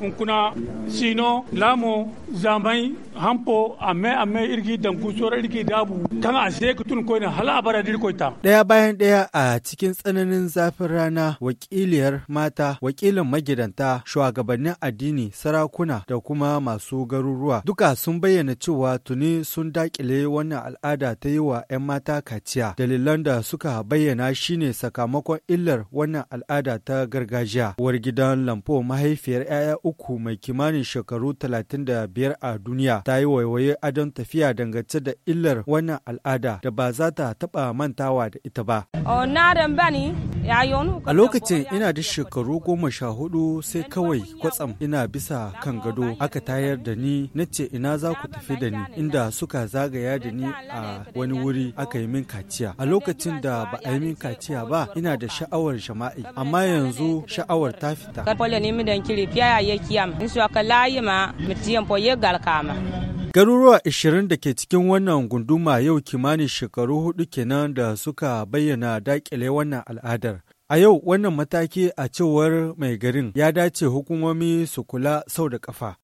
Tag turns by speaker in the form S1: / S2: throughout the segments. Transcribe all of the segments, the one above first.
S1: Kunkuna, sino lamo zamai hampo ame-ame, irgi danku sora irgi dabu tan a sai kutun ko ne hala abara dir ko daya bayan daya a cikin tsananin zafin rana wakiliyar mata wakilin magidanta shugabannin addini sarakuna da kuma masu garuruwa duka sun bayyana cewa tuni sun dakile wannan al'ada ta yi wa 'yan mata kaciya dalilan da suka bayyana shine sakamakon illar wannan al'ada ta gargajiya uwar gidan lampo mahaifiyar 'ya'ya uku mai kimanin shekaru 35 a duniya ta yi waiwaye adon tafiya dangance da illar wannan al'ada da ba za ta taɓa mantawa da ita ba. Oh, A lokacin ina da shekaru goma sha hudu sai kawai kwatsam ina bisa kan gado aka tayar da ni na ce ina za ku tafi da ni inda suka zagaya da ni a wani wuri aka yi min kaciya. A lokacin da ba a yi min kaciya ba ina da sha'awar jama'i amma yanzu sha'awar ta fita. Garuruwa 20 da ke cikin wannan gunduma yau kimanin shekaru hudu kenan da suka bayyana daƙile wannan al'adar. A yau wannan mataki a cewar mai garin ya dace hukumomi su kula sau da kafa.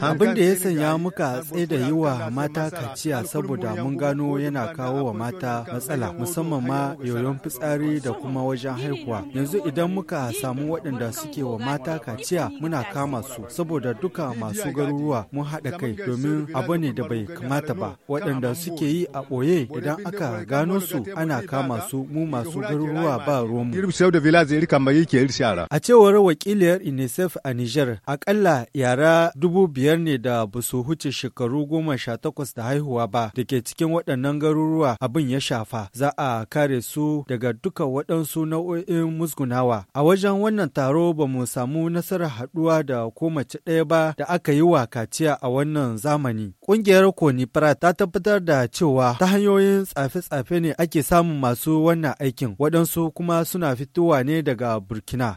S1: Abin da ya sanya muka da yi wa mata kaciya saboda mun gano yana kawo wa mata matsala musamman ma yoyon fitsari da kuma wajen haihuwa. Yanzu idan muka samu waɗanda suke wa mata kaciya muna kama su saboda duka masu garuruwa mun haɗa kai domin abu ne da bai kamata ba. Waɗanda suke yi a ɓoye idan aka gano su ana kama su mu masu ruwa ba ruwanmu. A cewar wakiliyar UNICEF a Nijar, akalla yara dubu biyar ne da ba su huce shekaru goma sha takwas da haihuwa ba da ke cikin waɗannan garuruwa abin ya shafa. Za a kare su daga duka waɗansu nau'o'in musgunawa. A wajen wannan taro ba mu samu nasarar haɗuwa da ko mace ɗaya ba da aka yi wa kaciya a wannan zamani. Ƙungiyar Konifra ta tabbatar da cewa ta hanyoyin tsafe-tsafe ne ake samun masu wannan aikin waɗansu kuma suna fitowa ne daga Burkina.